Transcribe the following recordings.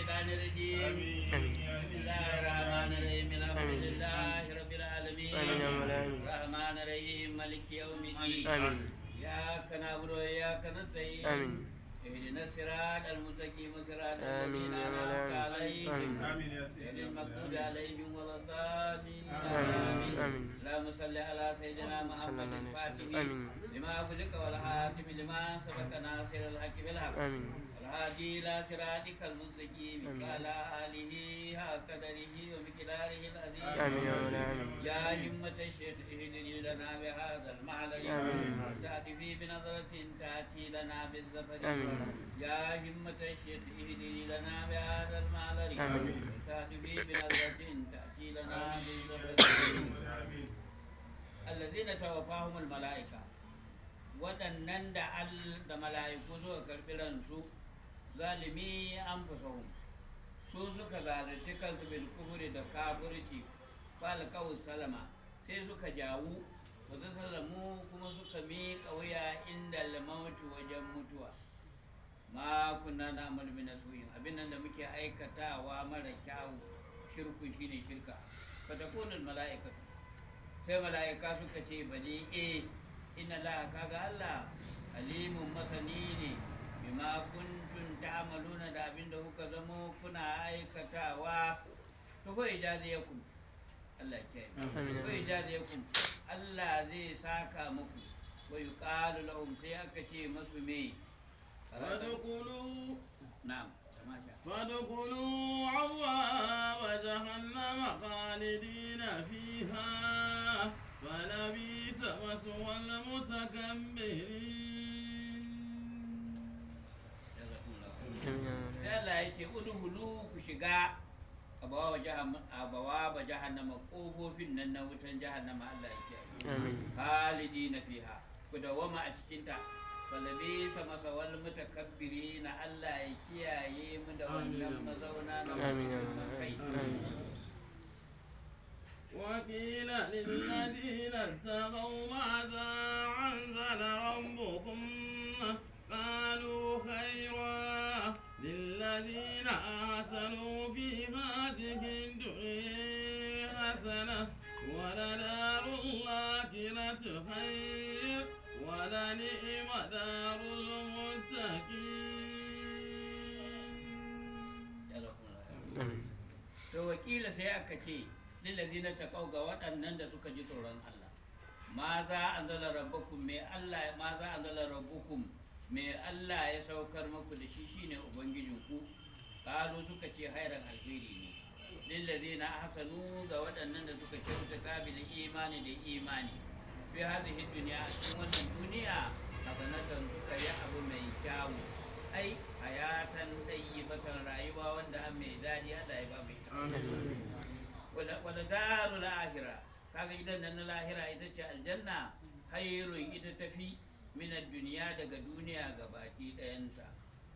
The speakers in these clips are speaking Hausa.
الشيطان الرجيم بسم الله الرحمن الرحيم الحمد لله رب العالمين الرحمن الرحيم مالك يوم الدين إياك نعبد وإياك نستعين اهدنا الصراط المستقيم صراط الذين أنعمت عليهم غير المغضوب عليهم ولا الضالين آمين اللهم صل على سيدنا محمد الفاتح لما أغلق والحاتم لما سبق ناصر الحق بالحق آمين هادي إلى صراطك المستقيم وعلى آله وقدره ومقداره العظيم يا همة الشيخ اهدني لنا بهذا المعلم تأتي بنظرة تأتي لنا بالزفر يا همة الشيخ اهدني لنا بهذا المعلم تأتي بنظرة تأتي لنا بالزفر الذين توفاهم الملائكة waɗannan da mala'iku suka karɓi ransu zalimi an fusahun su suka zalunci kansu bil kufuri da kafirci fal kawul salama sai suka jawu ba su sallamu kuma suka miƙa wuya inda lamautu wajen mutuwa ma kunna na amal min suyin abin nan da muke aikatawa mara kyawu shirku shine shirka fa takunu malaika sai malaika suka ce bali eh inna la kaga Allah alimun masani ne bima kuntum ta'maluna da abin da kuka zamo kuna aikatawa to ko ijaziyakum Allah ke ko ijaziyakum Allah zai saka muku wa yuqalu lahum sai aka ce masu me fadkhulu na'am فادخلوا عواب جهنم خالدين فيها فلبيس مثوى المتكبرين sai Allah ya ce udhulu ku shiga abawa jahannama jahannama kofofin nan na wutan jahannama Allah ya ce amin na fiha ku dawama a cikin ta falabe sama sawal mutakabbiri na Allah ya kiyaye mu da wannan mazauna na wannan kai وقيل للذين اتقوا ماذا Kila sai aka ce na taqaw ga waɗannan da suka ji tsoron Allah ma za zala rabbukum me Allah ma za zala rabbukum me Allah ya saukar muku da shi shine ubangijinku kalu suka ce hairan alheri ne na hasanu ga waɗannan da suka ce kabi da imani da imani fi hadhihi dunya cikin wannan duniya hasanatan suka yi abu mai kyawu ai hayatan dayyibatan rayuwa wanda an mai daɗi Allah wala darul akhirah kaga gidan nan na lahira ita ce aljanna khairun ita tafi minar duniya daga duniya gabaki ɗayanta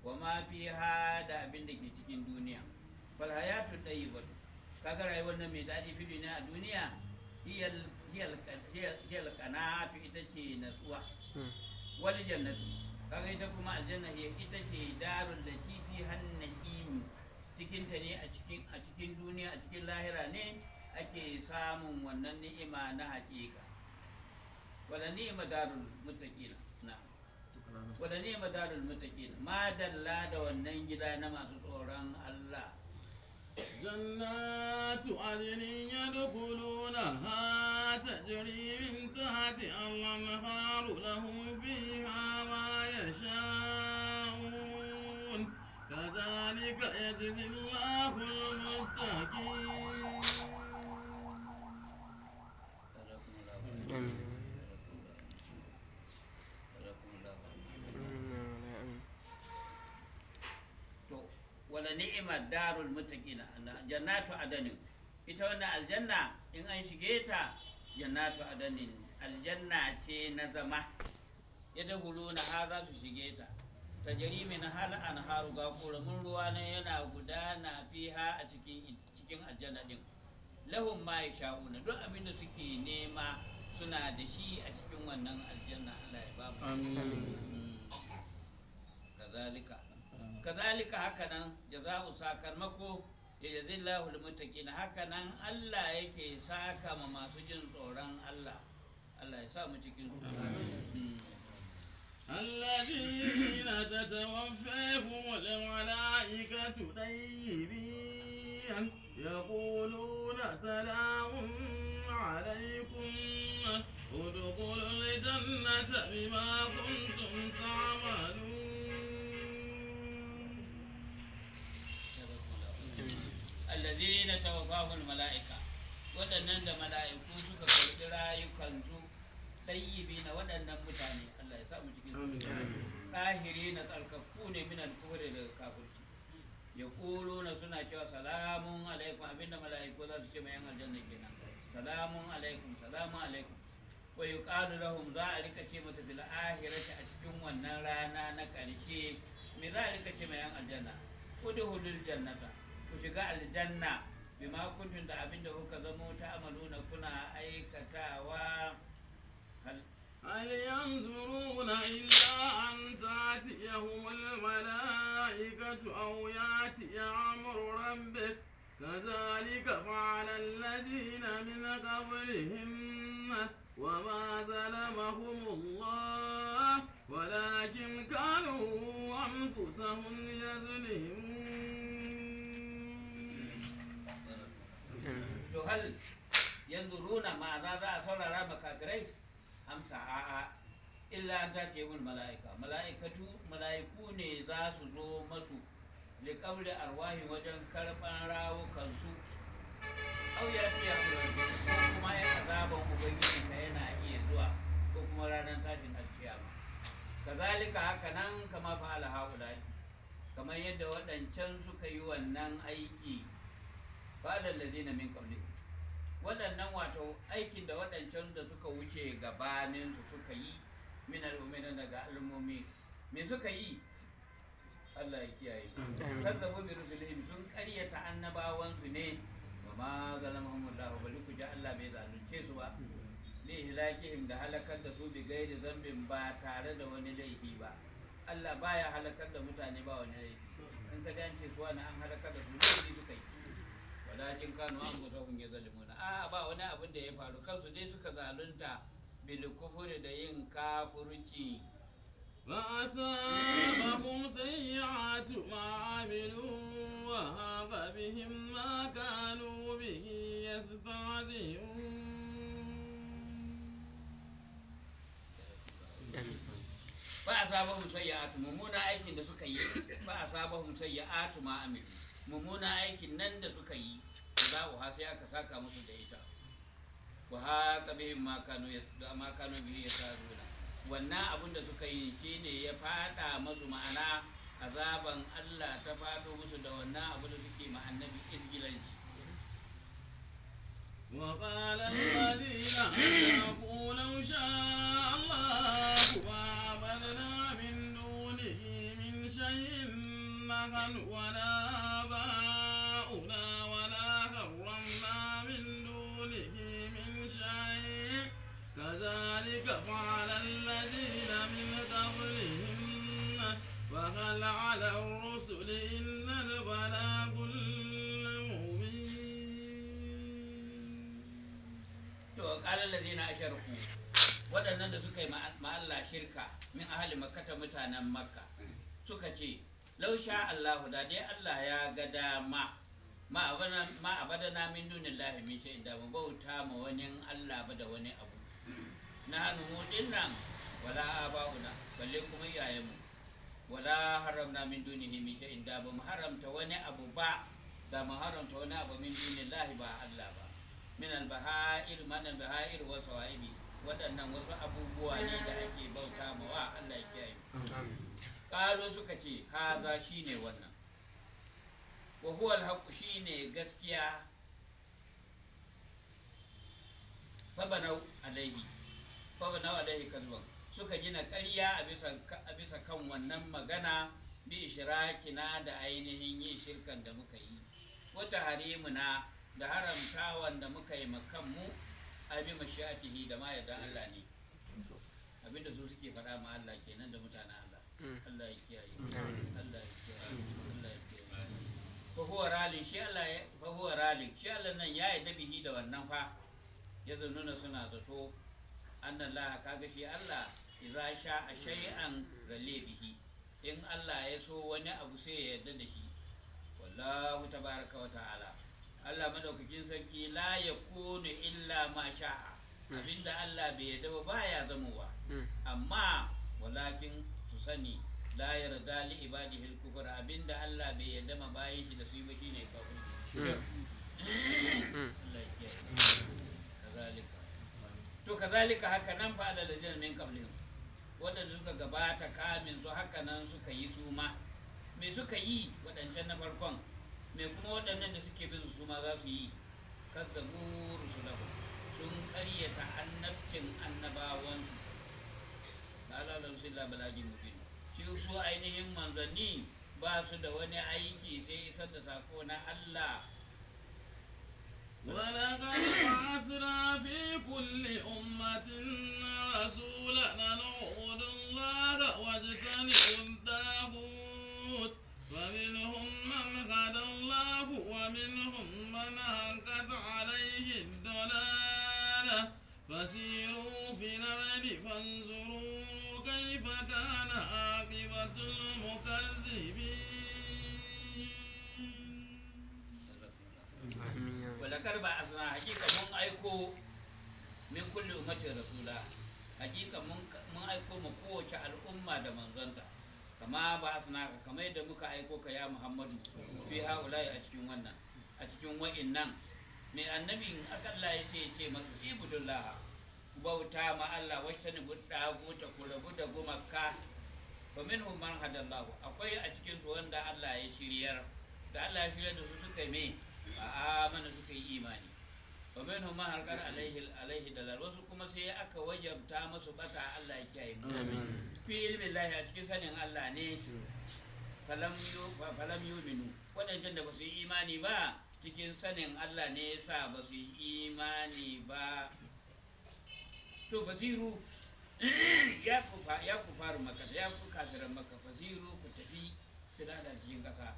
wa ma fiha da abin da ke cikin duniya fal hayatu tayyibatu kaga rayuwar nan mai daɗi fi duniya a duniya hiyal qanatu ita ce natsuwa wani jannatu kaga ita kuma aljanna ita ce darun da darul latifi hannaim cikinta ne a cikin a cikin duniya a cikin lahira ne ake samun wannan ni'ima na haƙiƙa wala ni'ima darul muttaqina na wala ni'ima darul muttaqina ma dalla da wannan gida na masu tsoron Allah jannatu جنات عدن يدخلونها تجري من تحتها الأنهار لهم فيها ما يشاء ذلك يجزي الله المتقين wala ni'imar darul mutaqina jannatu adanin ita wannan aljanna in an shige ta jannatu adanin aljanna ce na zama yadda huluna na ha za su shige ta ta jari min hal an haru ga mun ruwa na yana gudana fiha a cikin cikin aljanna din lahum ma yasha'una duk abin da suke nema suna da shi a cikin wannan aljanna Allah ya ba mu amin hmm. kazalika kazalika haka nan jaza'u sakamako ya jazillahu lil haka nan Allah yake saka ma masu jin tsoron Allah Allah ya sa mu cikin su hmm. الذين تتوفاهم الملائكة طيبين يقولون سلام عليكم ادخلوا الجنة بما كنتم تعملون الذين توفاهم الملائكة waɗannan da mala'iku suka طيبين rayukansu ɗayyibi samu cikin ɗahiri na tsarkaku ne min alkuhuri daga kafirci ya kuro na suna cewa salamun alaikum abinda mala'iku za su ce mai yan aljanna kenan salamun alaikum salamun alaikum wa yuqalu lahum za a rika ce masa bil ahirati a cikin wannan rana na me za a rika ce mai yan aljanna udhulul jannata ku shiga aljanna bima kuntum da abinda kuka zamo ta kuna aikatawa هل الساعة أو يأتي أمر ربك كذلك فعل الذين من قبلهم وما ظلمهم الله ولكن كانوا أنفسهم يظلمون هل ينظرون ماذا ذا صلى ربك أمسى illa ta tace mun mala'ika mala'ikatu mala'iku ne za su zo masu liƙabri arwahi wajen karɓar rawukansu au ya ce ya ko kuma ya azaban ubangiji ka yana iya zuwa ko kuma ranar tashin alkiyama kazalika haka nan kama fa'ala haulai kamar yadda waɗancan suka yi wannan aiki da ladina min qablikum waɗannan wato aikin da waɗancan da suka wuce gabaninsu suka yi min al'umina daga al'ummomi me suka yi Allah ya kiyaye kazzabu bi rusulihim sun karyata annabawansu ne wa ma zalamahumullahu bal ku ji Allah bai zalunce su ba li hilakihim da halakar da su bi gairi zambin ba tare da wani laifi ba Allah baya halakar da mutane ba wani laifi in ka dace su wani an halakar da su laifi suka yi walakin kanu an gusa kun ya zalimuna a ba wani abin da ya faru kansu dai suka zalunta بالكفر دين كافرتي فأصابهم سيئات ما عملوا وهاب بهم ما كانوا به يستهزئون ba a sabahun sayyatu mummuna aikin da suka yi ba a sabahun sayyatu ma amilu aikin nan da suka yi za ha sai aka saka musu da ita ahata bihim ma kanu ma kanu bihi yasaruna wannan abin da suka yi shine ya fada masu ma'ana azaban Allah ta fado musu da wannan abin da suke ma annabi isgilanci وقال الذين أشركوا لو شاء الله ما عبدنا من دونه من شيء ما ولا على الرسل إلا البلاغ المبين وقال الذين أشركوا waɗannan da suka yi ma'alla shirka min ahali makata mutanen makka suka ce lausha allahu da dai allah ya ga dama ma abadana min dunin lahimin shi da mu bauta ma wani allah ba da wani abu na hannu mu nan wala aba'una kuma iyayenmu wala haramna min dunihi min shay'in da ba mu haramta wani abu ba da mu haramta wani abu min dunillahi ba Allah ba min al-baha'ir man al-baha'ir wa sawa'ibi waɗannan wasu abubuwa ne da ake bauta ma wa Allah ya kiyaye ƙaro suka ce shi ne wannan wa huwa al-haqqu shine gaskiya fa banau alaihi fa banau alaihi kazwan suka gina ƙarya a bisa kan wannan magana bi shirakina da ainihin yi shirkan da muka yi wata harimuna da haramtawan da muka yi makanmu a bi mashatihi da ma yadda Allah ne abinda su suke faɗa ma Allah ke nan da mutanen Allah mm. Allah ya kiyaye Allah ya kiyaye Allah ya kiyaye fa huwa ralin shi Allah ya fa huwa ralin shi Allah nan ya yi dabihi da wannan fa ya zununa suna zato annan laha kaga shi Allah idza sha'a shay'an ralle bihi in Allah ya so wani abu sai ya yarda da shi wallahu tabaraka wa ta'ala Allah madaukakin sarki la yakunu illa ma sha'a abinda Allah bai yarda ba baya zamowa amma walakin su sani la yarda li ibadihi al-kufr abinda Allah bai yarda ma bayin shi da su yi ba shine kafirci to kazalika haka nan fa alal ladina min qablihim waɗanda suka gabata kamin su haka nan suka yi su ma me suka yi waɗancan na farkon mai kuma waɗannan da suke bin su ma za su yi kazzabu rusulahu sun ƙaryata annabcin annabawansu ala rasulillah balaji mubin shi su ainihin manzanni ba su da wani aiki sai isar da sako na Allah ولقد بعثنا في كل أمة رسولا نعبد الله واجتنبوا الطاغوت فمنهم من هدى الله ومنهم من حقت عليه الضلالة فسيروا في الأرض فانظروا كيف كان عاقبة المكذبين zakar ba asna hakika mun aiko min kulli ummatin rasula hakika mun aiko mu kowace al'umma da manzanta kama ba asna kama kamar yadda muka aiko ka ya muhammadu fi haulai a cikin wannan a cikin wa'innan me annabin akalla ya ce ce masu ibudullah bauta ma Allah wacce ni budda ta ko rabu da gumaka fa minhum man hadallahu akwai a cikin su wanda Allah ya shiryar da Allah ya shiryar da su suka yi fa amana suka yi imani wa minhum ma harkar alaihi alaihi dalal wasu kuma sai aka wajabta masu bata Allah ya kiyaye mu fi ilmi Allah a cikin sanin Allah ne falam yu falam yuminu wadannan da basu yi imani ba cikin sanin Allah ne yasa basu yi imani ba to basiru ya ku ya kufaru makka ya ku kafiran makka fasiru ku tafi tilada da cikin kasa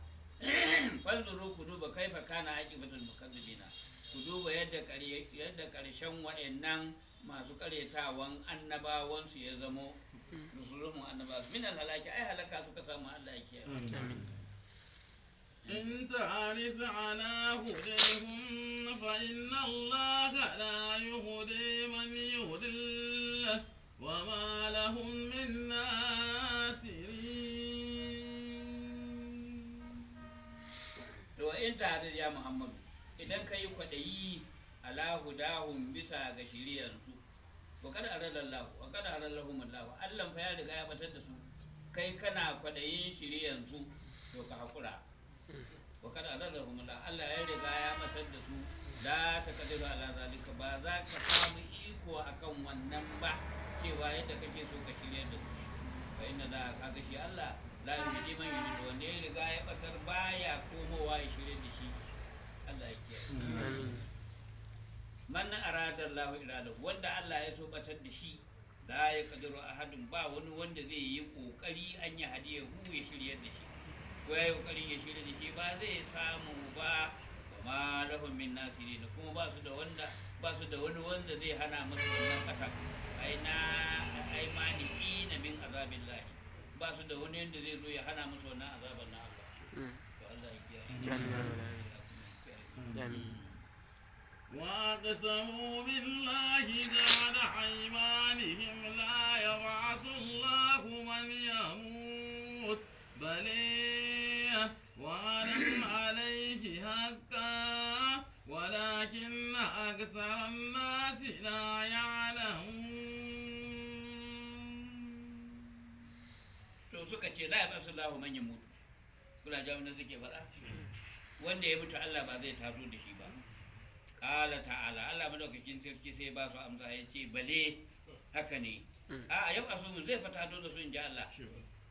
fanzuru ku duba kaifa kana aqibatul mukazzibina ku duba yadda yadda karshen waɗannan masu karetawan annabawan su ya zamo rusulun annaba min alhalaki ai halaka suka samu Allah ya kiyaye إن تعرف على هديهم فإن الله لا يهدي من يضله وما لهم من hadir ya muhammadu idan ka yi kwaɗayi ala dahun bisa ga shiriyarsu ba kada a lahu ba kada a hukumar lahu Allah fa ya riga ya batar da su kai kana kwaɗayin shiriyarsu to ka haƙura ba kada a hukumar lahu Allah ya riga ya batar da su da la taqdiru ala zalika ba za ka samu iko akan wannan ba cewa yadda kake so ka shiryar da su fa inna la kaga shi Allah la yudi man yudi wanda ya riga ya batar baya komowa ya shirya da shi Allah ya kiyaye man arada Allah ilalahu wanda Allah ya so batar da shi la ya kadiru ahadun ba wani wanda zai yi kokari an ya hadiya hu ya shirya da shi ko ya yi kokari ya shirya da shi ba zai samu ba ma lahum min nasirin kuma ba su da wanda ba su da wani wanda zai hana musu wannan kata ai na ai mani ina min azabillahi ba su da wani yadda zai zo ya hana musu wannan azabar na Allah to Allah ya kiyaye amin وأقسموا بالله جعل أيمانهم لا يبعث الله من يموت بل وعلم عليه حقا ولكن أكثر الناس suka ce la yab'asu wa man yamutu kuna jawo da suke faɗa wanda ya mutu Allah ba zai taso da shi ba qala ta'ala Allah madaukakin sarki sai ba su amsa ya ce bale haka ne mm. a yab'asu mun zai fata da su ji Allah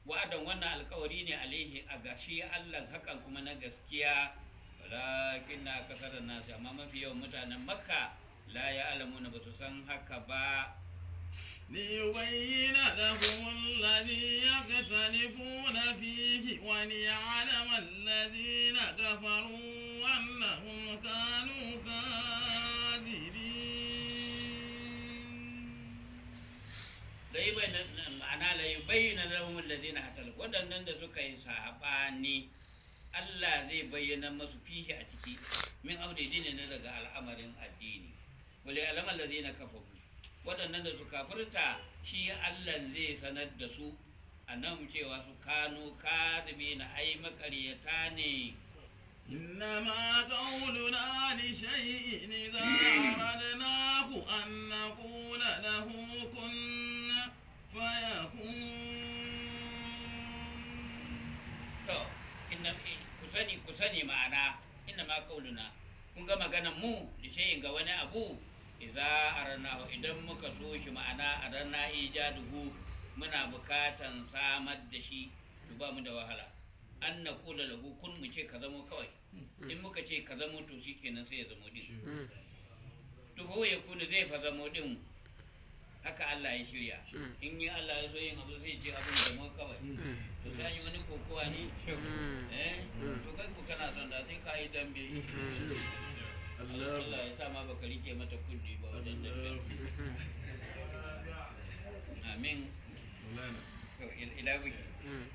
wa'adan wannan alkawari ne alaihi a gashi Allah hakan kuma na gaskiya walakin na kasar nasu amma mafi yawan mutanen makka la ya alamuna ba su san haka ba ليبين لهم الذي يختلفون فيه وليعلم الذين كفروا أنهم كانوا كاذبين ليبين لهم الذين اختلفوا ودن نند سكاي صحاباني الله زي بين مسو فيه اتيكي من امر ديني نزغ الامر الديني وليعلم الذين كفروا waɗannan da suka furta shi Allah zai sanar da su a nan cewa su kano kadimi na ai makaryata ne إنما قولنا لشيء إذا أردناه أن نقول له كن فيكون ku sani ku sani ma'ana inna ma kauluna kun ga maganan mu da shayin ga wani abu iza arnahu idan muka so shi ma'ana arna ijaduhu muna bukatan samar da shi to ba mu da wahala an na kula lahu kun mu ce ka zamo kawai hmm. in muka ce ka zamo to kenan sai ya zamo din hmm. to ko ya kuna zai fa zamo din haka Allah ya shirya hmm. in yi Allah ya so yin abu sai ce abin da mun kawai to ta yi wani kokowa ne eh to kai ku kana son da sai ka yi dambe Hmm.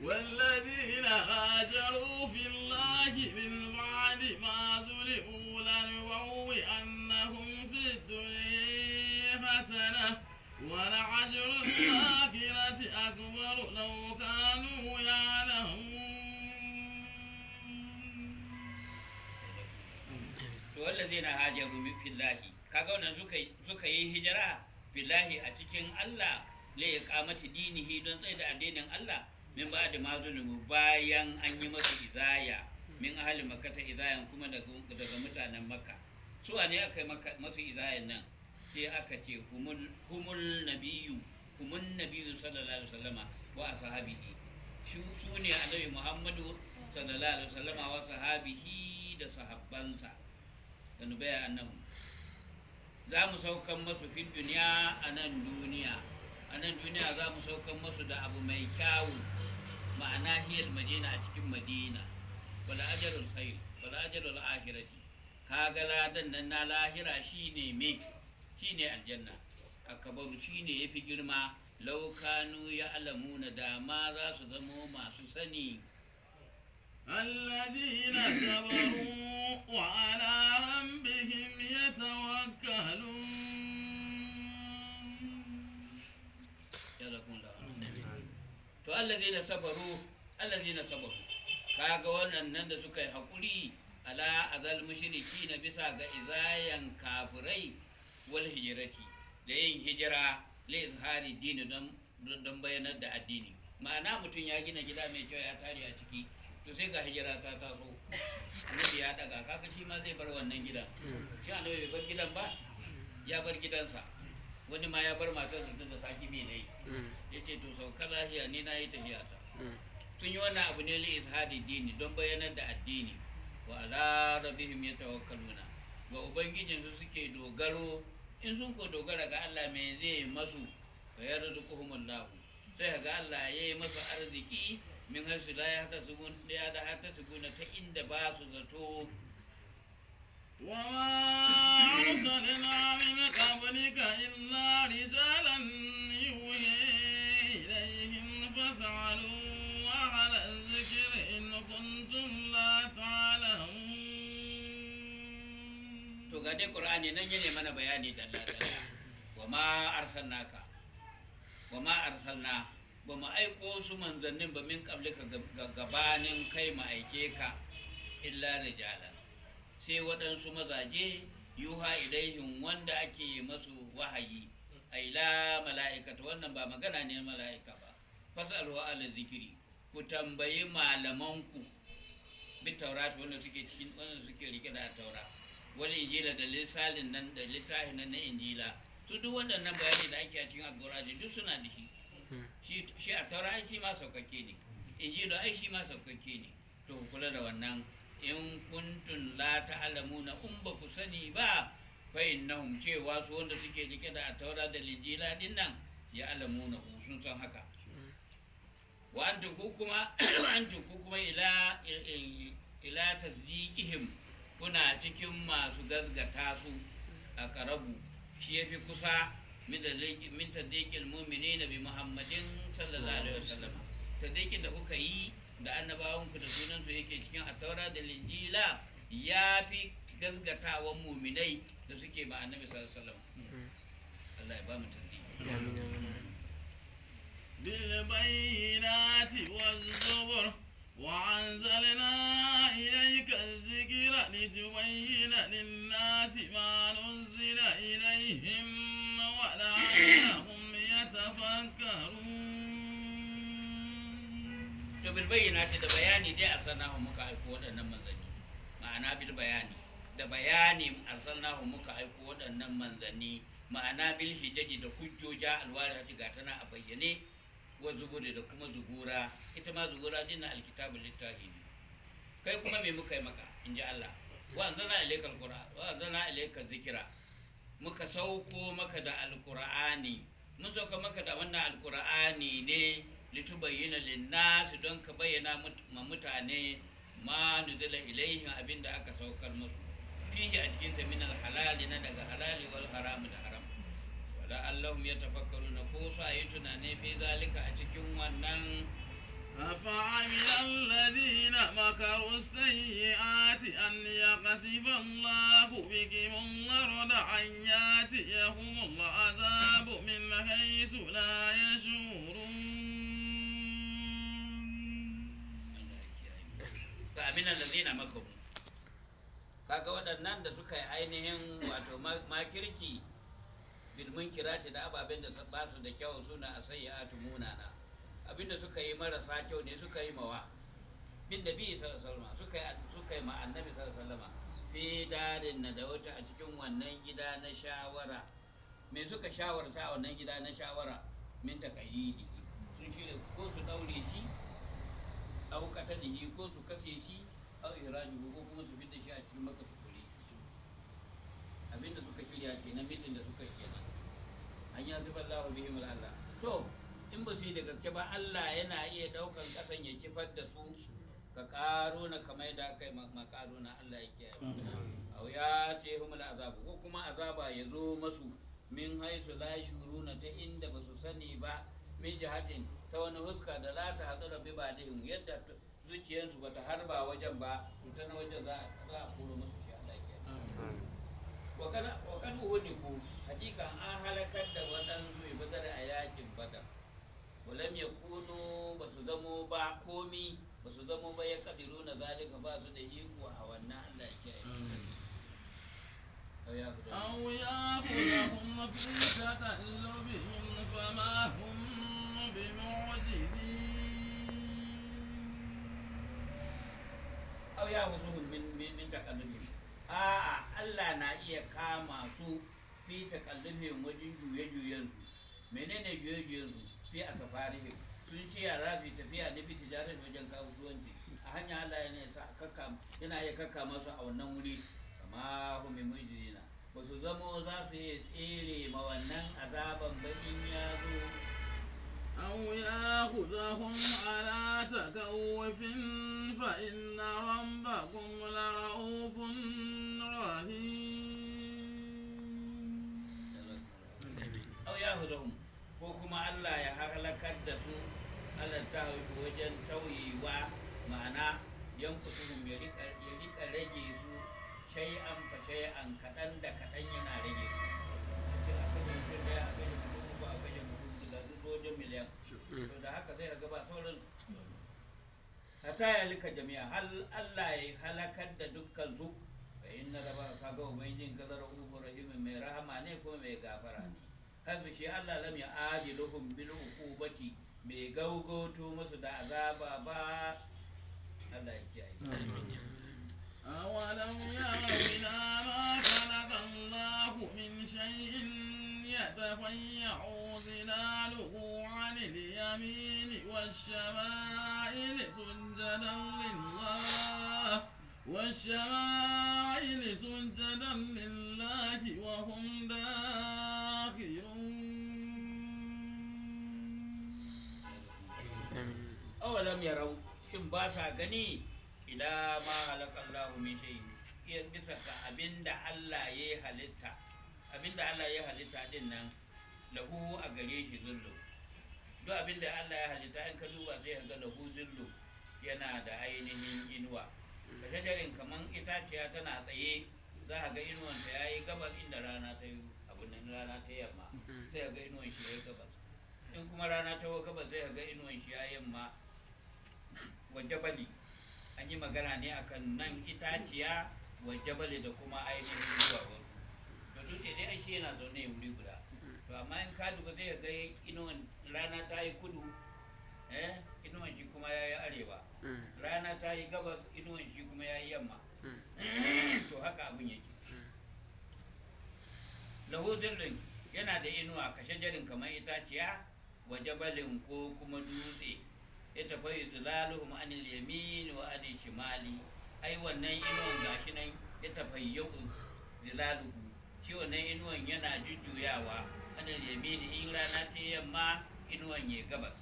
والذين هاجروا في الله من بعد ما ظلموا أنهم في الدنيا حسنة ولعجر الآخرة أكبر لو كانوا يعلمون wallazina hajaru fillahi kaga wannan suka yi hijira fillahi a cikin Allah li iqamati dinihi don tsaye da addinin Allah min ba da mazulumu bayan an yi masa izaya min ahli makata izayan kuma daga mutanen makka su ne aka yi masu izayan nan sai aka ce humul nabiyu humul nabiyu sallallahu alaihi wasallama wa ashabihi su ne annabi muhammadu sallallahu alaihi wasallama wa sahabihi da sahabbansa da a nan za mu saukan masu fi duniya a nan duniya a nan duniya za mu saukan masu da abu mai kyawu ma'ana hiyar madina a cikin madina wala ajarul khair wala ajarul akhirati ga ladan nan na lahira shi ne me ne aljanna ne ya fi girma laukanu ya alamu na dama za su zamo masu sani الذين كبروا وعلى ربهم يتوكلون to allazina sabaru na sabaru kaga wannan nan da suka yi hakuri ala azal mushriki na bisa ga izayan kafirai wal hijrati da yin hijira la izhari dini don don bayanar da addini ma'ana mutum ya gina gida mai kyau ya tare a ciki to sai ga hijira ta taso annabi ya daga kaga shi ma zai bar wannan gidan shi annabi bai bar gidan ba ya bar gidansa wani ma ya bar matar da da saki mai dai yace to sau kaza lafiya ni na yi tafiya ta sun yi wannan abu ne li ishadi dini don bayanar da addini wa ala rabbihim yatawakkaluna ga ubangijin su suke dogaro in sun ko dogara ga Allah me zai masu fa yarzuquhumullahu sai ga Allah ya yi masa arziki min la ya hata sugun ɗaya da hata sugun ta inda ba su zato. وما أرسلنا من قبلك إلا رجالا يوحي إليهم فاسألوا أهل الذكر إن كنتم لا تعلمون to ga dai qur'ani nan yana mana bayani dalla dalla wa ma arsalnaka wa ma arsalna ba mu aiko su manzannin ba min qablika gabanin kai mu aike ka illa rijalan sai waɗansu mazaje yuha ilaihim wanda ake masu wahayi aila mala'ikata wannan ba magana ne mala'ika ba wa ala zikiri ku tambayi malamanku bi taurata wanda suke cikin wanda suke rike da taura wani injila da lissalin nan da littafin nan na injila su duk waɗannan bayani da ake a cikin alƙur'ani duk suna da shi shi a taura ai shi ma sauƙaƙe ne injilo ai shi ma sauƙaƙe ne to kula da wannan in kuntun la na um ba ku sani ba fa innahum cewa su wanda suke rike da taura da linjila din nan ya alamuna sun san haka wa antu ku kuma antu ku kuma ila ila tasdiqihim kuna cikin masu gazgata su a karabu shi ya fi kusa min taddiƙil mummini na bi muhammadin sallallahu alaihi wasallam taddiƙin da kuka yi da annabawanku da sunansu yake cikin attaura da linjila ya fi gasgatawan muminai da suke ba annabi sallallahu alaihi wasallam Allah ya ba mu بالبينات والزبر وأنزلنا إليك الذكر لتبين للناس ما نزل ربهم ولعلهم يتفكرون to bil bayyana ce da bayani dai arsalnahu muka aiko waɗannan manzanni ma'ana bil bayani da bayani arsalnahu muka aiko waɗannan manzanni ma'ana bil hijaji da hujjoja alwara ga tana a bayyane wa zuburi da kuma zugura ita ma zugura din na alkitabul littafi kai kuma me muka yi maka in ji Allah wa anzalna ilaykal qur'an wa anzalna ilaykal zikra muka sauko maka da alkur'ani mun sauka maka da wannan alkur'ani ne litubayyana linnasu don ka bayyana ma mutane ma nuzila ilaihim abinda aka saukar musu fihi a cikin min halali na daga halali wal haram da haram wala allahum yatafakkaruna ko su ayi tunane fi zalika a cikin wannan أفعمل الذين مكروا السيئات أن يقذف الله بهم النار أن ياتيهم العذاب من حيث لا يشعرون فأمن الذين مكروا kaga waɗannan da suka yi ainihin wato makirki, bilmin kirati da ababen da ba su da kyau suna a sai ya munana abinda suka yi marasa kyau ne suka yi mawa bin da bi sallallahu suka yi ma annabi sallallahu fi darin na da wata a cikin wannan gida na shawara me suka shawarta a wannan gida na shawara min takayyidi sun shirya ko su daure shi da shi, ko su kashe shi a iraji ko kuma su fita shi a cikin maka su kure abinda suka shirya kenan mitin da suka kenan an ya zubar lahu bihim Allah to in ba su yi da gaske ba Allah yana iya daukan kasan ya kifar da su ka karo na kamar da aka yi makaro na Allah ya kiyaye a wuya ce humul azabu ko kuma azaba ya zo masu min haisu la shuruna ta inda ba su sani ba min jihatin ta wani huska da za ta hadu da biba dihim yadda zuciyarsu bata harba wajen ba to ta wajen za a koro masu shi Allah ya kiyaye wa kan ko hakikan an halakar da waɗansu ibadar a yakin badar walam ya kuno ba su zamo ba komi ba su zamo ba ya kadiru na zalika ba su da iko a wannan Allah ya kiyaye أو يأخذهم في تألبهم فما هم بمعجزين أو يأخذهم من من من تألبهم آه الله نائية كاما في وجن menene juye-juye fi a safarihim sun ce za su tafiya da biti jarar wajen kasuwanci a hanya Allah yana sa kakka yana iya kakka masu a wannan wuri kama hu min mujrina ba su zamo za su iya tsere ma wannan azaban ba in ya zo ku يأخذهم على تكوف فإن ربكم لرؤوف رحيم أو يأخذهم ko kuma Allah ya halakar da su halarta wajen tauyewa ma'ana yankusuhum ya rika rage su shai an fa shai an kaɗan da kaɗan yana rage su a sanya mutum ɗaya a kashe mutum ba a kashe mutum daga wajen miliyan to da haka sai daga ba sauran ta ya lika jami'a hal Allah ya halakar da dukkan su fa inna rabba kaga ubangijin kadar ubu rahimin mai rahama ne kuma mai gafara ne hazu shi Allah lam ya ajiluhum bil uqubati mai gaugoto musu da azaba ba Allah ya kiyaye أولم يروا إلى ما خلق الله من شيء يتفيع ظلاله عن اليمين والشمائل سجدا لله والشمائل سجدا لله وهم دائما ya rau shin ba sa gani ila ma halaka Allah min ya bisa ka abinda Allah ya halitta abinda Allah ya halitta din nan lahu a gare shi zullu duk abinda Allah ya halitta in ka duba zai ga lahu zullu yana da ainihin inuwa ka shajarin kaman itaciya tana tsaye za a ga inuwan ya yi gabas inda rana ta yi abu nan rana ta yamma mm-hmm. sai ga inuwan shi ya gabas in kuma rana ta wa ba zai ga inuwan shi ya ma. Waje bali an yi magana ne akan nan itaciya waje bali da kuma ainihin zuwa wani da dutse dai ashe yana zaune ya wuri guda to amma in ka duka zai ga inuwan rana ta yi kudu eh inuwan shi kuma ya yi arewa rana ta yi gabas inuwan shi kuma ya yi yamma to haka abin yake lahu rin yana da inuwa kashe jarin kamar itaciya waje-balin ko kuma dutse ita fa yudlaluhum anil yamin wa anil shimali ai wannan inuwan gashi nan ya tafayyu zilaluhu shi wannan inuwan yana jujjuyawa anil yamin in rana ta yamma inuwan ya gabas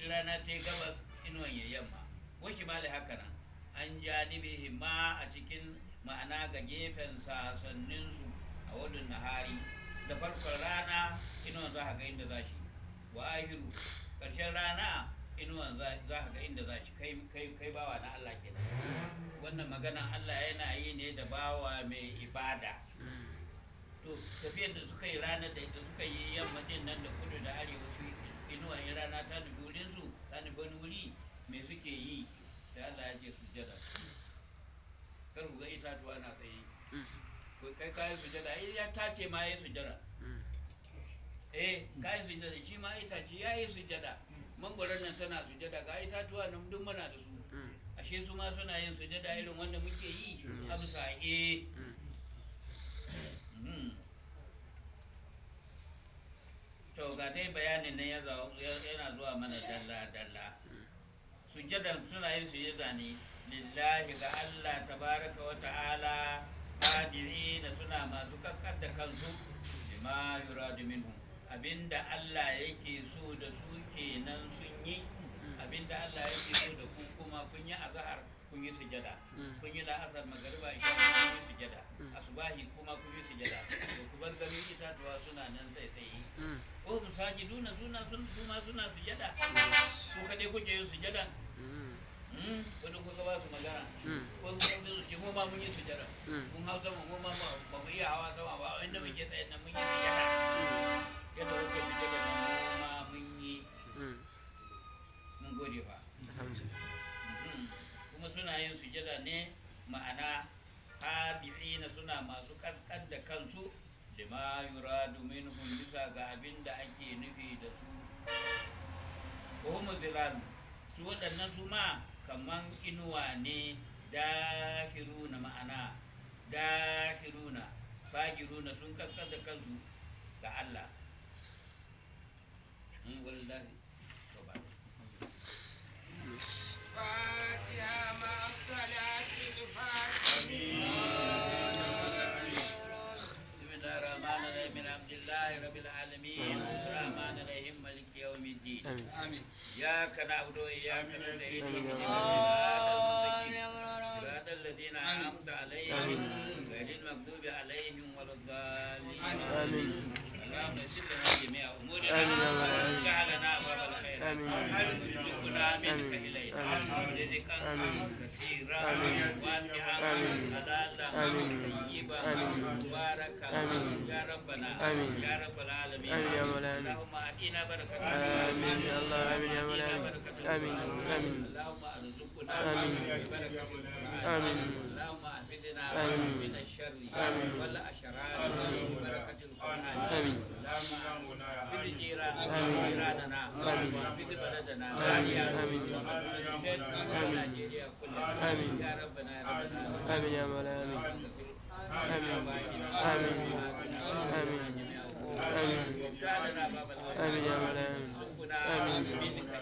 in rana ta gabas inuwan ya yamma wa shimali haka nan an janibihi ma a cikin ma'ana ga gefen su a wadun nahari da farkon rana inuwan za ka ga inda za shi wa ahiru ƙarshen rana inuwan za ka ga inda za shi kai bawa na Allah ke wannan magana Allah yana yi ne da bawa mai ibada to tafiyar da suka yi ranar da suka yi yamma din nan da kudu da arewa su inuwa yi rana ta nufi wurin su ta nufi wuri me suke yi da Allah ya ce sujjada kar ku ga itatuwa na tsaye kai kayan jada ya tace ma ya jada mm. eh kayan jada shi ma itace ya yi su jada mangwaron nan tana sujada ga itatuwa nan duk muna da su mm. ashe su ma suna yin sujada irin wanda muke yi mm. a bisa mm. to ga dai bayanin nan yana zuwa mana dalla dalla sujada suna yin sujada ne lillahi ga Allah tabaraka wa ta'ala qadirina suna masu kaskar da kansu bima yuradu minhum abinda Allah yake so da su kenan sun yi mm. abinda Allah yake so da ku kuma kun yi azhar kun yi sujada mm. kun yi la'asar magariba isha kun yi sujada mm. asubahi kuma kun yi sujada to ku bar gari itatuwa suna nan sai sai ko musajiduna suna suna suna sujada ko kade kuke yin sujadan wani kusa ba su magana ko kuma su ce mu mun yi sujada mun hausa sama mu ma ba mu iya hawa sama ba wanda muke tsayin nan mun yi sujada yadda kuka sujada nan ma mun yi mun gode fa kuma suna yin sujada ne ma'ana tabi'ina suna masu kaskan da kansu lima yuradu domin bisa ga abin da ake nufi da su ko mu su waɗannan su ma kaman inuwa ne dahiruna ma'ana dahiruna fajiruna sun kaskar da kansu ga Allah in hmm, wallahi to ba fatiha آمين إياك نعبد وإياك نستعين صراط الذين أنعمت عليهم غير المغضوب عليهم ولا الضالين آمين اللهم اغفر لنا جميع أمورنا واجعلنا باب الخير آمين آمين آمين آمين آمين آمين آمين آمين آمين يا ربنا آمين يا رب العالمين آمين يا مولانا اللهم أعطينا بركة آمين يا الله آمين يا مولانا آمين آمين اللهم أرزقنا آمين آمين نجنا من الشر والأشرار وبركة القرآن في الجيران جيراننا وفي بلدنا ونيجيريا كلها يا ربنا يا ربنا آمين يا مولاي آمين آمين آمين آمين آمين آمين يا مولاي آمين آمين